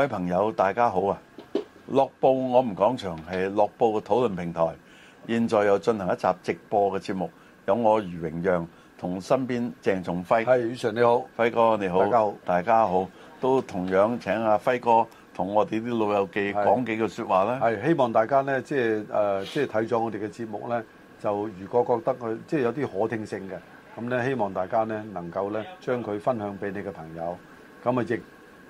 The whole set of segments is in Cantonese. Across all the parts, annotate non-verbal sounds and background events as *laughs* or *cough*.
各位朋友，大家好啊！落《樂報我唔講場》，係《樂報嘅討論平台。現在又進行一集直播嘅節目，有我余榮讓同身邊鄭仲輝。係余 Sir 你好，輝哥你好，大家好，大家好，都同樣請阿輝哥同我哋啲老友記講幾句說話啦。係希望大家咧，即係誒，即係睇咗我哋嘅節目咧，就如果覺得佢即係有啲可聽性嘅，咁咧希望大家咧能夠咧將佢分享俾你嘅朋友，咁啊亦。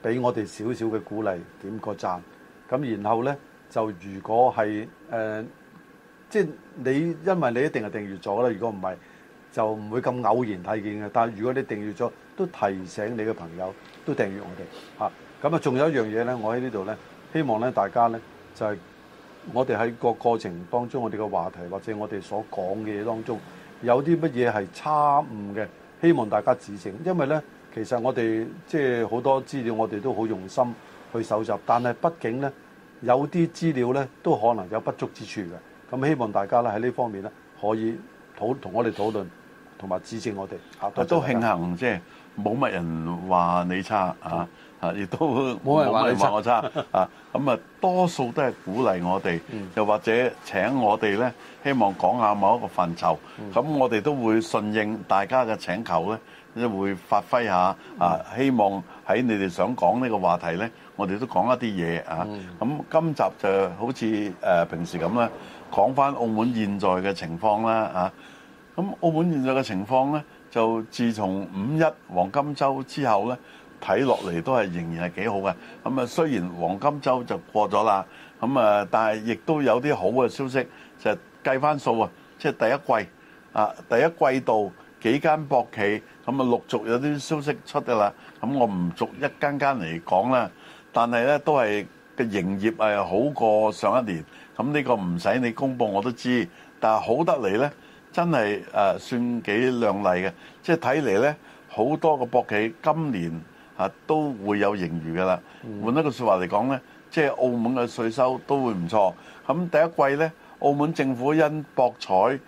俾我哋少少嘅鼓勵，點個讚，咁然後呢，就如果係誒、呃，即係你，因為你一定係訂閱咗啦，如果唔係就唔會咁偶然睇見嘅。但係如果你訂閱咗，都提醒你嘅朋友都訂閱我哋嚇。咁啊，仲有一樣嘢呢，我喺呢度呢，希望呢大家呢，就係、是、我哋喺個過程當中，我哋嘅話題或者我哋所講嘅嘢當中有啲乜嘢係差誤嘅，希望大家指正，因為呢。其實我哋即係好多資料，我哋都好用心去搜集，但係畢竟呢，有啲資料呢都可能有不足之處嘅。咁希望大家咧喺呢方面呢，可以同我哋討論，同埋指正我哋。啊，都慶幸即係冇乜人話你差啊！嗯啊！亦都冇人話你差，啊咁啊，多數都係鼓勵我哋， *laughs* 又或者請我哋咧，希望講下某一個範疇。咁、嗯、我哋都會順應大家嘅請求咧，會發揮下啊！希望喺你哋想講呢個話題咧，我哋都講一啲嘢啊。咁、嗯、今集就好似誒平時咁啦，講翻澳門現在嘅情況啦，啊！咁澳門現在嘅情況咧，就自從五一黃金週之後咧。睇落嚟都係仍然係幾好嘅，咁啊雖然黃金週就過咗啦，咁啊但係亦都有啲好嘅消息，就計翻數啊，即係第一季啊第一季度幾間博企咁啊陸續有啲消息出㗎啦，咁我唔逐一間間嚟講啦，但係呢都係嘅營業係好過上一年，咁呢個唔使你公布我都知，但係好得嚟呢真係誒算幾亮麗嘅，即係睇嚟呢好多個博企今年。都會有盈餘噶啦。換一個說話嚟講呢，即係澳門嘅稅收都會唔錯。咁第一季呢，澳門政府因博彩而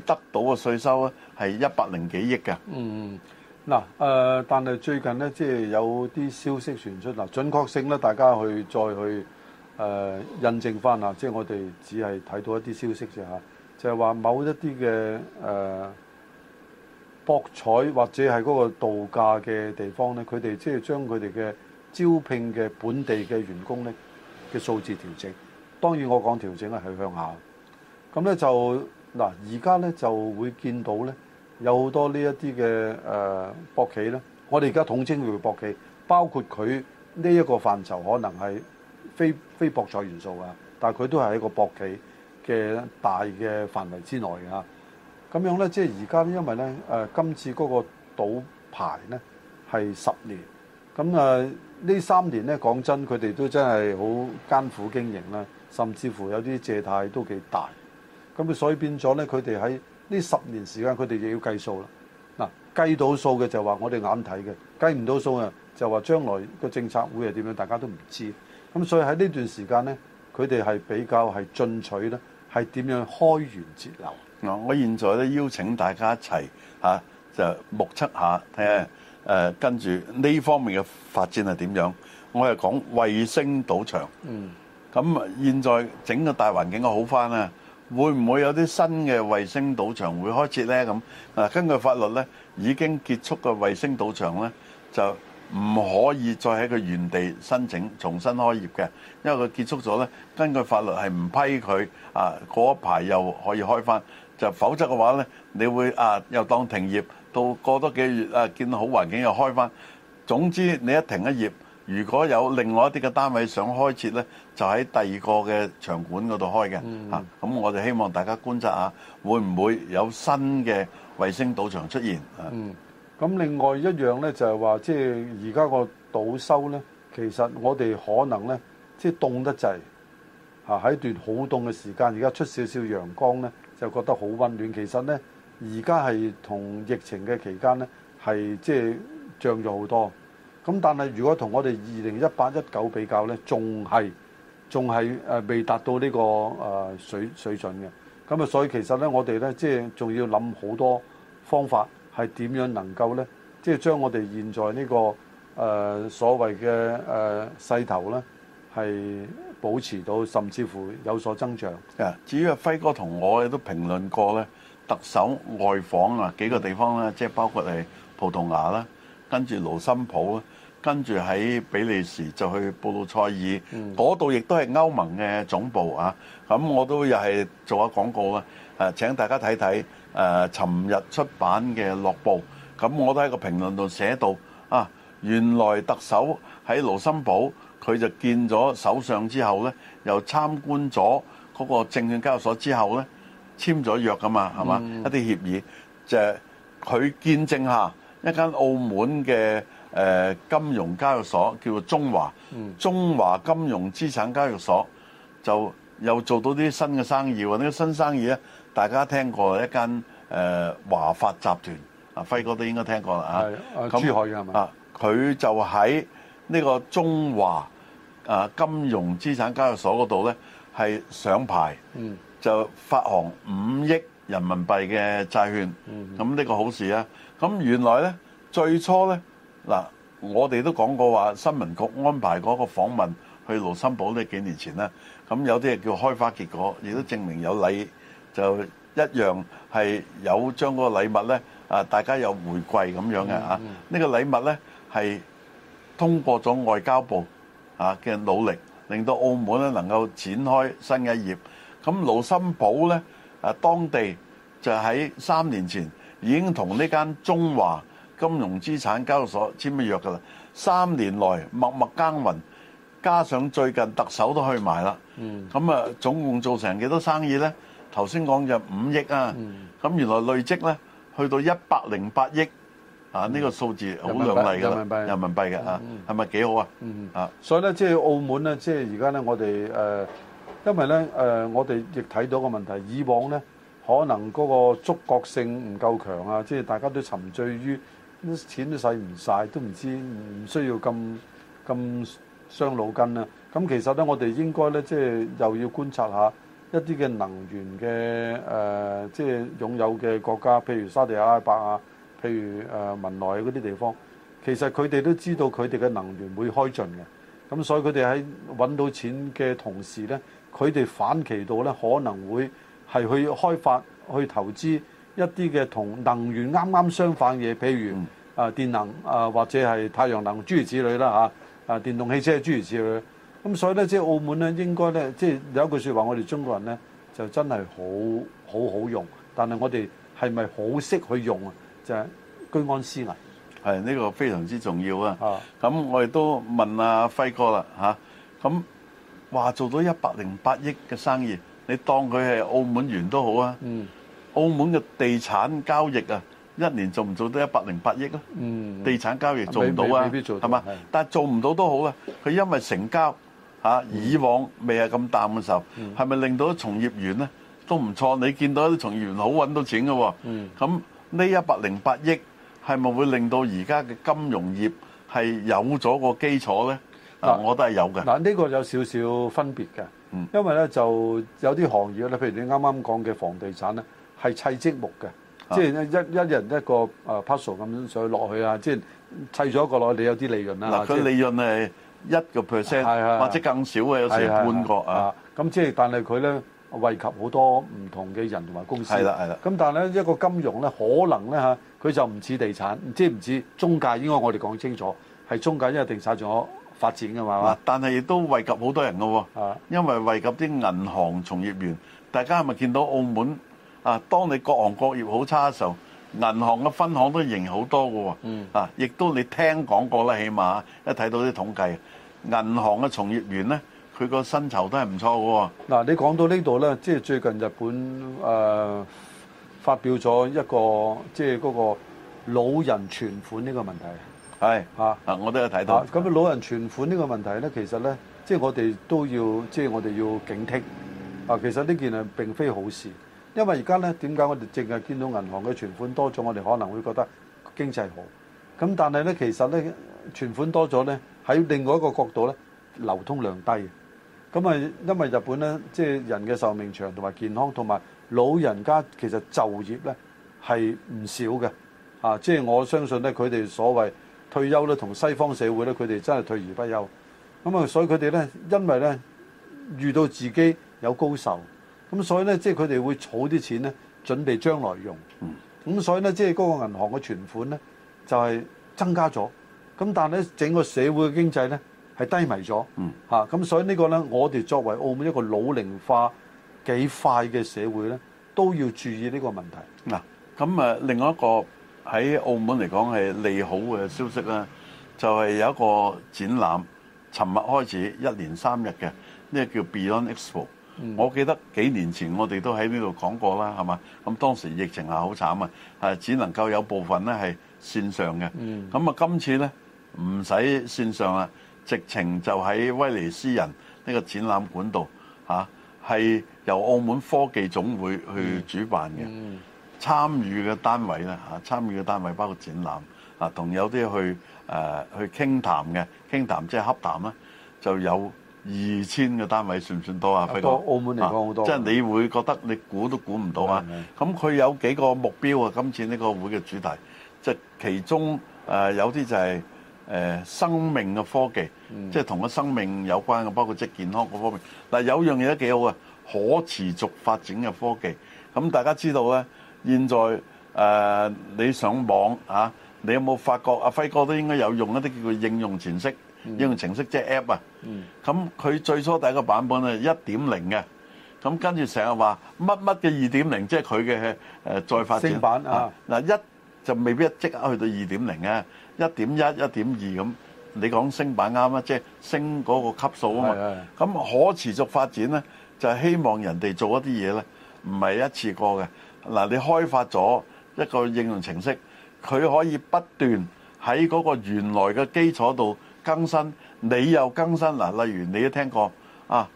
得到嘅稅收呢係一百零幾億嘅。嗯，嗱、呃，但係最近呢，即係有啲消息傳出，啦，準確性呢大家去再去誒、呃、印證翻啊。即係我哋只係睇到一啲消息啫嚇，就係話某一啲嘅誒。呃博彩或者係嗰個度假嘅地方呢，佢哋即係將佢哋嘅招聘嘅本地嘅員工呢嘅數字調整。當然我講調整係向下。咁呢，就嗱，而家呢就會見到呢有好多呢一啲嘅誒博企呢，我哋而家統稱佢嘅博企，包括佢呢一個範疇可能係非非博彩元素啊，但係佢都係一個博企嘅大嘅範圍之內啊。咁樣呢，即係而家因為呢，呃、今次嗰個賭牌呢係十年，咁、嗯、啊呢三年呢，講真，佢哋都真係好艱苦經營啦，甚至乎有啲借貸都幾大，咁、嗯、所以變咗呢，佢哋喺呢十年時間，佢哋亦要計數啦。計、啊、計到數嘅就話我哋眼睇嘅，計唔到數啊，就話將來個政策會係點樣，大家都唔知。咁、嗯、所以喺呢段時間呢，佢哋係比較係進取啦。係點樣開源節流？啊！我現在咧邀請大家一齊吓，就目測下睇下誒，跟住呢方面嘅發展係點樣？我係講衞星賭場。嗯。咁啊，現在整個大環境好返啊，會唔會有啲新嘅衞星賭場會開設呢？咁啊，根據法律呢，已經結束嘅衞星賭場呢就。唔可以再喺佢原地申請重新開業嘅，因為佢結束咗呢，根據法律係唔批佢啊。嗰一排又可以開翻，就否則嘅話呢，你會啊又當停業，到過多幾月啊見到好環境又開翻。總之你一停一業，如果有另外一啲嘅單位想開設呢，就喺第二個嘅場館嗰度開嘅嚇。咁、嗯啊、我哋希望大家觀察下，會唔會有新嘅衛星賭場出現啊？嗯咁另外一樣呢，就係話，即係而家個倒收呢，其實我哋可能呢，即係凍得滯，嚇喺一段好凍嘅時間，而家出少少陽光呢，就覺得好温暖。其實呢，而家係同疫情嘅期間呢，係即係漲咗好多。咁但係如果同我哋二零一八一九比較呢，仲係仲係未達到呢個水水準嘅。咁啊，所以其實呢，我哋呢，即係仲要諗好多方法。係點樣能夠呢？即、就、係、是、將我哋現在呢、這個誒、呃、所謂嘅誒勢頭呢，係保持到甚至乎有所增長。誒、yeah，至於阿輝哥同我亦都評論過呢特首外訪啊幾個地方呢，即係包括係葡萄牙啦，跟住盧森堡。跟住喺比利時就去布魯塞爾，嗰度亦都係歐盟嘅總部啊！咁我都又係做下廣告啦、啊，誒、呃，請大家睇睇誒，尋、呃、日出版嘅《樂報》咁我都喺個評論度寫到啊！原來特首喺盧森堡，佢就見咗首相之後呢，又參觀咗嗰個證券交易所之後呢，簽咗約噶嘛，係、嗯、嘛？一啲協議就佢、係、見證下一間澳門嘅。誒金融交易所叫做中華，中華金融資產交易所，就又做到啲新嘅生意，呢個新生意咧，大家聽過一間誒華發集團啊，輝哥都應該聽過啦嚇。係啊，啊？佢就喺呢個中華啊金融資產交易所嗰度咧係上牌，就發行五億人民幣嘅債券，咁呢個好事啊！咁原來咧最初咧。嗱，我哋都講過話，新聞局安排嗰個訪問去盧森堡咧，幾年前咧，咁有啲係叫開花結果，亦都證明有禮就一樣係有將嗰個禮物咧，啊，大家有回饋咁樣嘅嚇。呢個禮物咧係通過咗外交部啊嘅努力，令到澳門咧能夠展開新嘅一頁。咁盧森堡咧啊，當地就喺三年前已經同呢間中華。金融資產交易所簽咗約㗎喇，三年內默默耕耘，加上最近特首都去埋啦，咁、嗯、啊總共做成幾多生意呢？頭先講就五億啊，咁、嗯、原來累積呢，去到一百零八億、嗯、啊！呢、呢個數字好亮麗嘅，人民幣嘅嚇係咪幾好啊？嗯、啊，所以呢，即係澳門呢，即係而家呢，我哋因為呢，我哋亦睇到個問題，以往呢，可能嗰個觸覺性唔夠強啊，即係大家都沉醉於。啲錢都使唔晒，都唔知唔需要咁咁傷腦筋啦、啊。咁其實咧，我哋應該咧，即、就、係、是、又要觀察一下一啲嘅能源嘅誒，即、呃、係、就是、擁有嘅國家，譬如沙地阿拉伯啊，譬如誒、呃、文萊嗰啲地方。其實佢哋都知道佢哋嘅能源會開盡嘅，咁所以佢哋喺揾到錢嘅同時呢，佢哋反其道呢，可能會係去開發、去投資。一啲嘅同能源啱啱相反嘢，譬如啊電能啊或者係太陽能諸如此類啦嚇，啊電動汽車諸如此類。咁所以咧，即係澳門咧，應該咧，即係有一句說話，我哋中國人咧就真係好好好用，但係我哋係咪好識去用、就係、啊？就係居安思危。係、這、呢個非常之重要啊！咁我哋都問阿輝哥啦嚇，咁話做到一百零八億嘅生意，你當佢係澳門元都好啊？嗯。澳門嘅地產交易啊，一年做唔做得一百零八億咯、啊？嗯，嗯，地產交易做唔到啊未必做到，係嘛？但係做唔到都好啊。佢因為成交嚇、啊、以往未係咁淡嘅時候，係咪令到啲從業員咧都唔錯？你見到啲從業員好揾到錢嘅喎。嗯，咁呢一百零八億係咪會令到而家嘅金融業係有咗個基礎咧？嗱、嗯，我都係有嘅。嗱，呢個有少少分別嘅。嗯，因為咧就有啲行業咧，譬如你啱啱講嘅房地產咧。係砌積木嘅，即係一一人一個啊 puzzle 咁樣上去落去啊，即係砌咗一個落去，你有啲利潤啦。嗱，佢利潤係一個 percent，或者更少嘅，有時半個啊。咁即係，但係佢咧惠及好多唔同嘅人同埋公司。係啦，係啦。咁但係咧，一個金融咧，可能咧嚇，佢就唔似地產，即係唔似中介。應該我哋講清楚，係中介，因為地產仲有發展嘅嘛，係嘛？但係亦都惠及好多人嘅喎，因為惠及啲銀行從業員。大家係咪見到澳門？啊！當你各行各業好差嘅時候，銀行嘅分行都仍然好多嘅喎、啊嗯。啊，亦都你聽講過啦，起碼一睇到啲統計，銀行嘅從業員咧，佢個薪酬都係唔錯嘅喎。嗱，你講到呢度咧，即係最近日本誒、呃、發表咗一個即係嗰個老人存款呢個問題。係啊，我都有睇到。咁、啊、老人存款呢個問題咧，其實咧，即係我哋都要，即係我哋要警惕啊。其實呢件係並非好事。因為而家咧，點解我哋淨係見到銀行嘅存款多咗，我哋可能會覺得經濟好。咁但係咧，其實咧存款多咗咧，喺另外一個角度咧，流通量低。咁啊，因為日本咧，即係人嘅壽命長同埋健康，同埋老人家其實就業咧係唔少嘅。啊，即係我相信咧，佢哋所謂退休咧，同西方社會咧，佢哋真係退而不休。咁啊，所以佢哋咧，因為咧遇到自己有高壽。咁所以咧，即係佢哋會儲啲錢咧，準備將來用。咁、嗯、所以咧，即係嗰個銀行嘅存款咧，就係、是、增加咗。咁但係咧，整個社會嘅經濟咧係低迷咗。咁、嗯啊、所以個呢個咧，我哋作為澳門一個老齡化幾快嘅社會咧，都要注意呢個問題。嗱，咁啊，另外一個喺澳門嚟講係利好嘅消息咧，就係、是、有一個展覽，尋日開始一連三日嘅，呢、呢個叫 Beyond Expo。我記得幾年前我哋都喺呢度講過啦，係嘛？咁當時疫情係好慘啊，係只能夠有部分咧係線上嘅。咁啊，今次咧唔使線上啦，直情就喺威尼斯人呢個展覽館度嚇，係由澳門科技總會去主辦嘅。參與嘅單位呢嚇，參與嘅單位包括展覽啊，同有啲去誒去傾談嘅，傾談即係洽談啦，就有。二千個單位算唔算多啊？輝哥，澳門嚟講好多，即係你會覺得你估都估唔到啊！咁佢有幾個目標啊？今次呢個會嘅主題，即係其中誒有啲就係誒生命嘅科技，即係同個生命有關嘅，包括即係健康嗰方面。但，有樣嘢都幾好啊，可持續發展嘅科技。咁大家知道咧，現在誒你上網啊，你有冇發覺啊？阿輝哥都應該有用一啲叫做應用程式。應用程式即係 app 啊，咁佢最初第一個版本咧一點零嘅，咁跟住成日話乜乜嘅二點零，即係佢嘅誒再發展升版啊。嗱，一就未必一即刻去到二點零啊，一點一一點二。咁你講升版啱啊，即係升嗰個級數啊嘛。咁可持續發展咧就係希望人哋做一啲嘢咧唔係一次過嘅。嗱，你開發咗一個應用程式，佢可以不斷喺嗰個原來嘅基礎度。更新，你又更新嗱，例如你都聽過啊，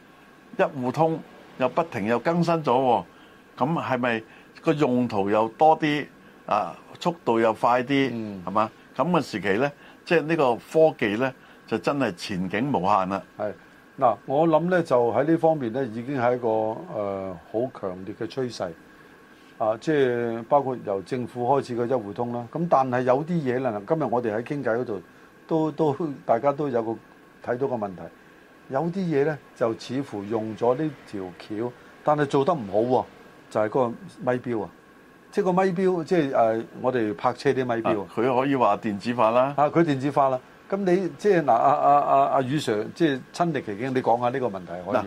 一戶通又不停又更新咗，咁係咪個用途又多啲啊？速度又快啲，係嘛？咁嘅時期咧，即係呢個科技咧，就真係前景無限啦。係嗱，我諗咧就喺呢方面咧，已經係一個誒好強烈嘅趨勢啊！即係包括由政府開始嘅一戶通啦。咁但係有啲嘢啦，今日我哋喺傾偈嗰度。都都大家都有個睇到個，問題，有啲嘢咧就似乎用咗呢條橋，但係做得唔好喎、啊，就係個咪錶啊，即係個咪錶，即係誒我哋泊車啲咪錶，佢、啊、可以話電子化啦，啊佢電子化啦，咁你即係嗱阿阿阿阿余 sir，即係親歷其境你講下呢個問題可以，啊、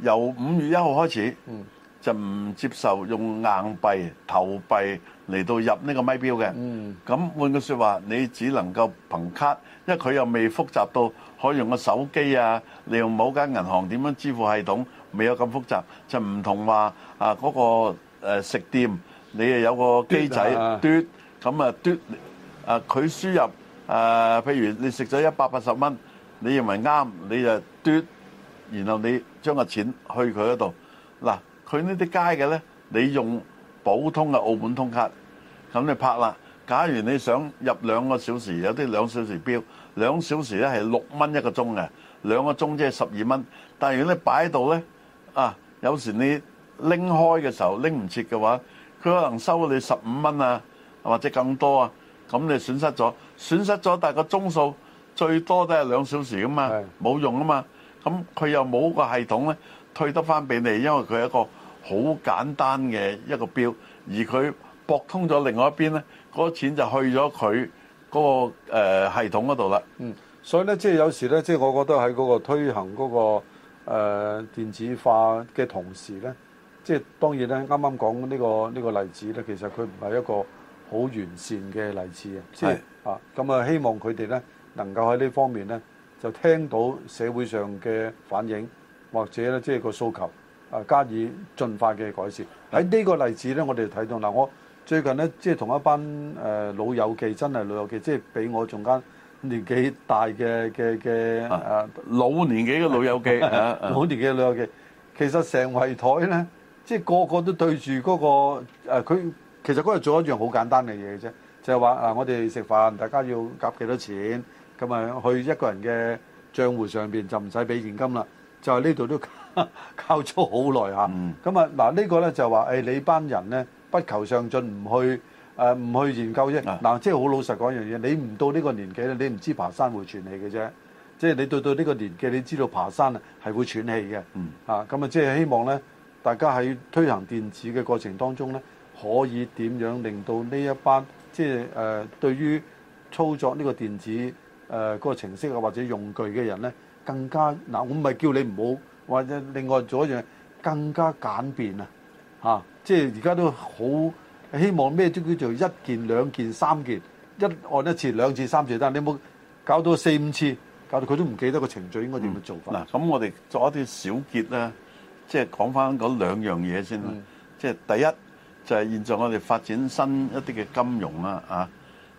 由五月一號開始，嗯。就唔接受用硬幣投幣嚟到入呢個咪錶嘅。嗯。咁換句説話，你只能夠憑卡，因為佢又未複雜到可以用個手機啊，利用某間銀行點樣支付系統，未有咁複雜。就唔同話啊嗰個誒食店，你係有個機仔嘟咁啊，嘟啊佢輸入啊，譬如你食咗一百八十蚊，你認為啱，你就嘟，然後你將個錢去佢嗰度嗱。佢呢啲街嘅咧，你用普通嘅澳門通卡，咁你拍啦。假如你想入兩個小時，有啲兩小時標，兩小時咧係六蚊一個鐘嘅，兩個鐘即係十二蚊。但係如果你擺喺度咧，啊，有時你拎開嘅時候拎唔切嘅話，佢可能收你十五蚊啊，或者更多啊，咁你損失咗，損失咗，但係個鐘數最多都係兩小時噶嘛，冇用啊嘛。咁佢又冇個系統咧退得翻俾你，因為佢係一個。好簡單嘅一個標，而佢駁通咗另外一邊呢嗰、那個、錢就去咗佢嗰個、呃、系統嗰度啦。嗯，所以呢，即係有時呢，即係我覺得喺嗰個推行嗰、那個誒、呃、電子化嘅同時呢，即係當然呢，啱啱講呢個呢、這個例子呢，其實佢唔係一個好完善嘅例子即啊，咁啊，希望佢哋呢，能夠喺呢方面呢，就聽到社會上嘅反應或者呢，即係個訴求。加以進化嘅改善喺呢個例子咧，我哋睇到嗱、啊，我最近咧即係同一班誒、呃、老友記，真係老友記，即係比我仲間年紀大嘅嘅嘅老年紀嘅老友記，老年紀嘅老友記，啊啊啊。其實成圍台咧，即係個個都對住嗰、那個佢、啊、其實嗰日做一樣好簡單嘅嘢啫，就係、是、話啊，我哋食飯，大家要夾幾多錢，咁啊去一個人嘅帳戶上面，就唔使俾現金啦，就係呢度都。靠咗好耐嚇，咁、嗯、啊嗱，呢、這個呢就話、哎、你班人呢，不求上進，唔去誒唔去研究啫。嗱、啊，即係好老實講一樣嘢，你唔到呢個年紀咧，你唔知爬山會喘氣嘅啫。即、就、係、是、你到到呢個年紀，你知道爬山啊係會喘氣嘅。嚇、嗯、咁啊，即、嗯、係、啊嗯啊就是、希望呢，大家喺推行電子嘅過程當中呢，可以點樣令到呢一班即係誒對於操作呢個電子誒嗰、呃那個、程式啊或者用具嘅人呢，更加嗱、啊，我唔係叫你唔好。或者另外做一樣更加簡便啊！嚇，即係而家都好希望咩都叫做一件兩件三件，一按一次兩次三次，但係你冇搞到四五次，搞到佢都唔記得個程序應該點樣做法。嗱、嗯，咁我哋做一啲小結啦，即係講翻嗰兩樣嘢先啦、嗯。即係第一就係、是、現在我哋發展新一啲嘅金融啦，啊，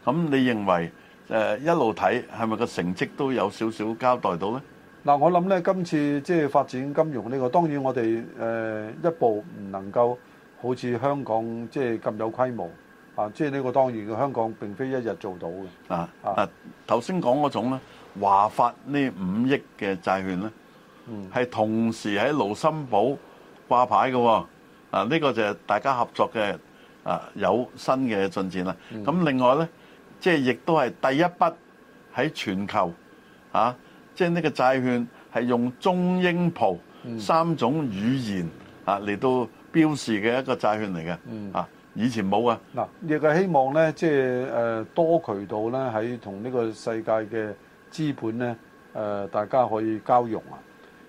咁你認為誒一路睇係咪個成績都有少少交代到咧？嗱，我諗咧，今次即係發展金融呢、這個，當然我哋誒一步唔能夠好似香港即係咁有規模啊！即係呢個當然嘅香港並非一日做到嘅啊！啊，頭先講嗰種咧，話發華發呢五億嘅債券咧，係、嗯、同時喺盧森堡掛牌嘅喎啊！呢、這個就係大家合作嘅啊，有新嘅進展啦。咁、嗯、另外咧，即係亦都係第一筆喺全球啊！即係呢個債券係用中英葡三種語言啊嚟到標示嘅一個債券嚟嘅，啊以前冇啊。嗱，亦係希望咧，即係誒多渠道咧喺同呢個世界嘅資本咧誒、呃、大家可以交融啊。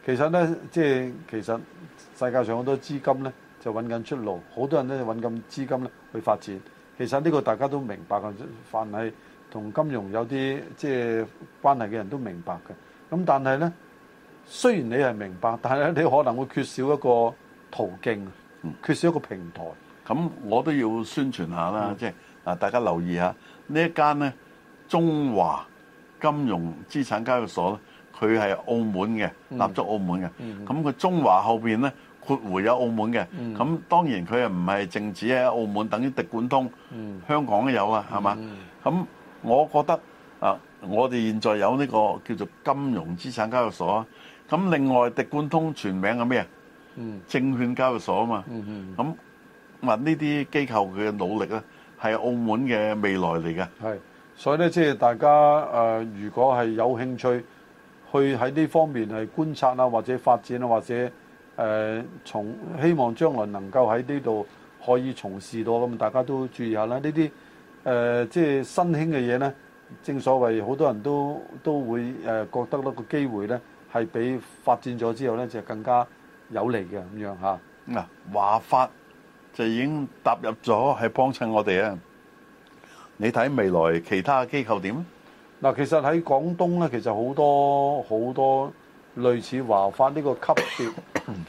其實咧，即係其實世界上好多資金咧就揾緊出路，好多人咧就揾緊資金咧去發展。其實呢個大家都明白嘅，凡係同金融有啲即係關係嘅人都明白嘅。咁但係呢，雖然你係明白，但係你可能會缺少一個途徑，嗯、缺少一個平台。咁我都要宣傳下啦，即、嗯、係、就是、大家留意下呢一間呢，中華金融資產交易所佢係澳門嘅，立足澳門嘅。咁、嗯、佢、嗯、中華後面呢，括弧有澳門嘅。咁、嗯、當然佢又唔係淨止喺澳門，等於滴灌通，嗯、香港都有啊，係、嗯、嘛？咁我覺得。啊！我哋現在有呢個叫做金融資產交易所啊。咁另外，迪冠通全名係咩啊？嗯，證券交易所啊嘛。嗯嗯。咁、啊，嗱呢啲機構嘅努力咧，係澳門嘅未來嚟嘅。係，所以咧，即係大家誒、呃，如果係有興趣去喺呢方面係觀察啦，或者發展啦，或者誒、呃、從希望將來能夠喺呢度可以從事到咁，大家都注意下啦。呢啲誒即係新興嘅嘢咧。正所謂好多人都都會誒、呃、覺得呢個機會呢係比發展咗之後呢，就更加有利嘅咁樣嚇。嗱、啊、華發就已經踏入咗係幫襯我哋啊！你睇未來其他機構點？嗱、啊，其實喺廣東呢，其實好多好多類似華發呢個級別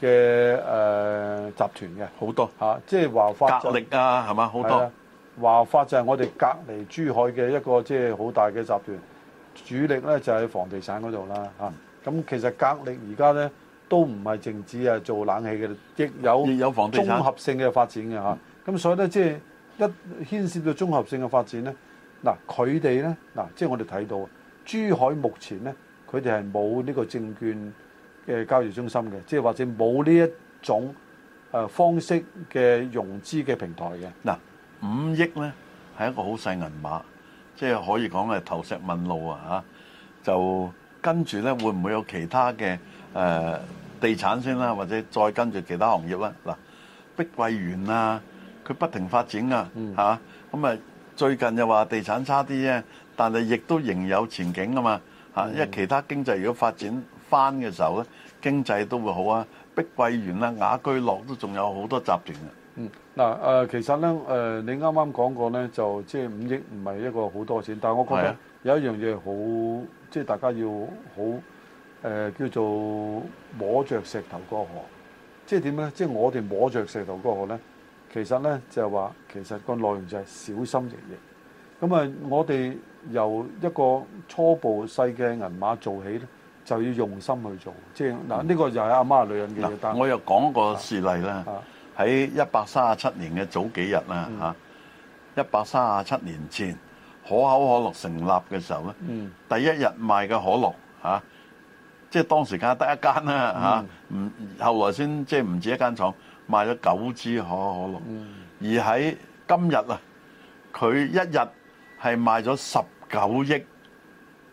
嘅誒、 *coughs* 呃、集團嘅好多即係華發格力啊，係嘛好多。啊即華發就係我哋隔離珠海嘅一個即係好大嘅集團，主力咧，就喺房地產嗰度啦嚇。咁其實格力而家咧都唔係淨止係做冷氣嘅，亦有亦有房地產綜合性嘅發展嘅嚇。咁所以咧，即係一牽涉到綜合性嘅發展咧，嗱佢哋咧嗱，即係我哋睇到珠海目前咧，佢哋係冇呢個證券嘅交易中心嘅，即係或者冇呢一種誒方式嘅融資嘅平台嘅嗱。五億呢係一個好細銀碼，即係可以講係投石問路啊！嚇，就跟住呢，會唔會有其他嘅誒、呃、地產先啦，或者再跟住其他行業啦？嗱、啊，碧桂園啊，佢不停發展啊，嚇、嗯、咁啊！最近又話地產差啲啫，但係亦都仍有前景啊嘛嚇，啊、因為其他經濟如果發展翻嘅時候呢，經濟都會好啊！碧桂園啊、雅居樂都仲有好多集團、啊嗯，嗱、呃，其實咧、呃，你啱啱講過咧，就即係五億唔係一個好多錢，但我覺得有一樣嘢好，即係大家要好、呃，叫做摸着石頭過河，即係點咧？即係我哋摸着石頭過河咧，其實咧就係話，其實個內容就係小心翼翼。咁啊，我哋由一個初步細嘅銀碼做起咧，就要用心去做。即係嗱，呢個就係阿媽女人嘅嘢，但我又講個事例啦。嗯嗯嗯喺一百三十七年嘅早幾日啦，嚇、嗯！一百三十七年前可口可樂成立嘅時候咧、嗯，第一日賣嘅可樂嚇，即係當時間得一間啦嚇，唔後來先即係唔止一間廠賣咗九支可口可樂，而喺今日啊，佢、就是、一日係賣咗十九億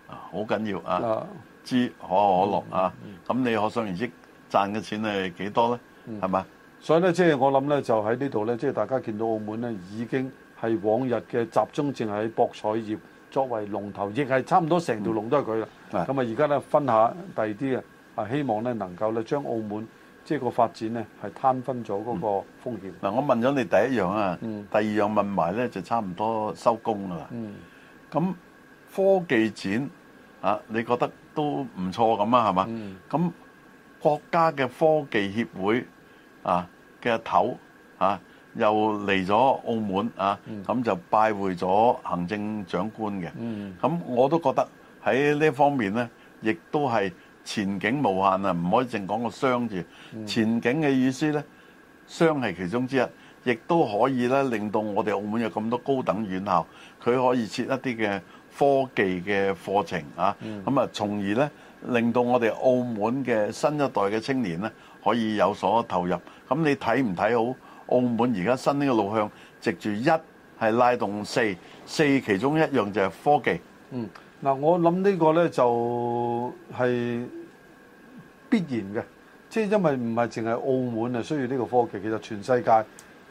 啊，好、嗯、緊、就是嗯、要啊，啊！支可口可樂、嗯、啊，咁你可想而知賺嘅錢係幾多咧？係、嗯、嘛？是所以咧，即係我諗咧，就喺呢度咧，即係大家見到澳門咧，已經係往日嘅集中，淨係喺博彩業作為龍頭，亦係差唔多成條龍都係佢啦。咁啊，而家咧分下第二啲啊，啊，希望咧能夠咧將澳門即係個發展咧係攤分咗嗰個風險。嗱，我問咗你第一樣啊，嗯，第二樣問埋咧就差唔多收工啦。嗯。咁科技展啊，你覺得都唔錯咁啊，係嘛？咁國家嘅科技協會啊。嘅頭啊，又嚟咗澳門啊，咁、嗯、就拜會咗行政長官嘅。咁、嗯、我都覺得喺呢方面呢，亦都係前景無限啊！唔可以淨講個商住，前景嘅意思呢，商係其中之一，亦都可以呢令到我哋澳門有咁多高等院校，佢可以設一啲嘅科技嘅課程啊，咁、嗯、啊，從而呢令到我哋澳門嘅新一代嘅青年呢，可以有所投入，咁你睇唔睇好？澳門而家新呢個路向，藉住一係拉動四，四其中一樣就係科技。嗯，嗱，我諗呢個咧就係必然嘅，即係因為唔係淨係澳門係需要呢個科技，其實全世界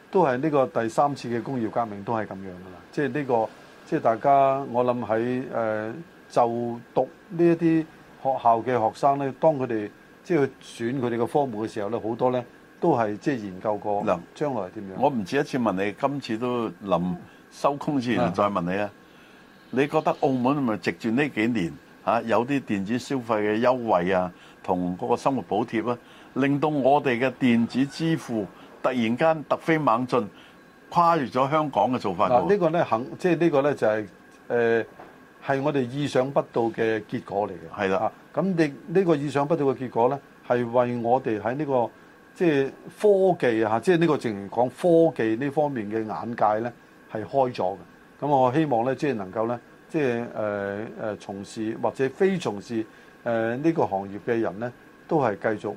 都係呢個第三次嘅工業革命都係咁樣噶啦。即係呢個即係大家我諗喺誒就讀呢一啲學校嘅學生咧，當佢哋。即、就、係、是、選佢哋嘅科目嘅時候咧，好多咧都係即係研究過。嗱，將來係點樣？我唔止一次問你，今次都臨收工之前再問你啊！你覺得澳門係咪藉住呢幾年吓有啲電子消費嘅優惠啊，同嗰個生活補貼啊，令到我哋嘅電子支付突然間突飛猛進，跨越咗香港嘅做法。啊這個、呢個咧肯即係呢個咧就係、是、誒。呃係我哋意想不到嘅結果嚟嘅，啊，係啦咁你呢、呢個意想不到嘅結果呢，係為我哋喺呢個即係科技啊，即係呢個淨係講科技呢方面嘅眼界呢，係開咗嘅。咁我希望呢，即係能夠呢，即係誒誒從事或者非從事誒呢、呃呢個行業嘅人呢，都係繼續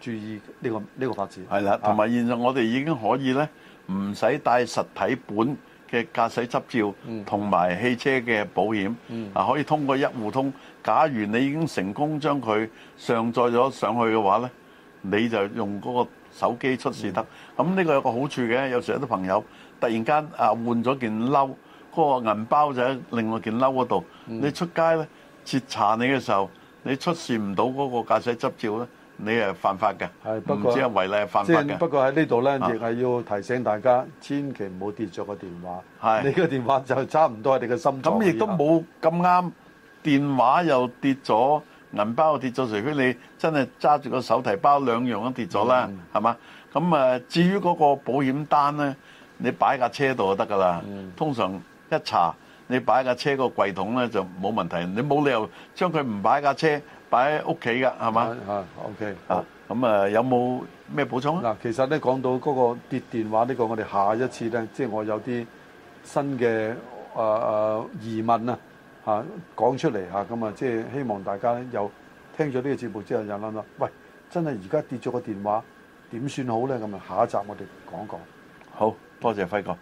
注意呢、呢個呢、呢個發展。係啦，同埋現在我哋已經可以呢，唔使帶實體本。嘅駕駛執照同埋汽車嘅保險、嗯、啊，可以通過一戶通。假如你已經成功將佢上載咗上去嘅話呢，你就用嗰個手機出示得。咁、嗯、呢個有個好處嘅，有時候有啲朋友突然間啊換咗件褸，嗰、嗰個銀包就喺另外件褸嗰度，你出街呢，截查你嘅時候，你出示唔到嗰個駕駛執照呢。你係犯法嘅，不過只係為你係犯法嘅。不過喺、就是、呢度咧，亦係要提醒大家，啊、千祈唔好跌咗個電話。係你個電話就差唔多係你嘅心。咁亦都冇咁啱，電話又跌咗，銀包又跌咗，除非你真係揸住個手提包兩樣咁跌咗啦，係、嗯、嘛？咁誒，至於嗰個保險單咧，你擺架車度就得噶啦。通常一查，你擺架車個櫃桶咧就冇問題。你冇理由將佢唔擺架車。喺屋企噶，係嘛？嚇，uh，OK。嚇，咁啊，有冇咩補充啊？嗱，uh, 其實咧講到嗰個跌電話呢個，我哋下一次咧，即係我有啲新嘅誒誒疑問啊嚇，講出嚟嚇，咁啊，即係希望大家咧有聽咗呢個節目之後，又諗啦，喂，真係而家跌咗個電話點算好咧？咁啊，下一集我哋講講。好多謝輝哥。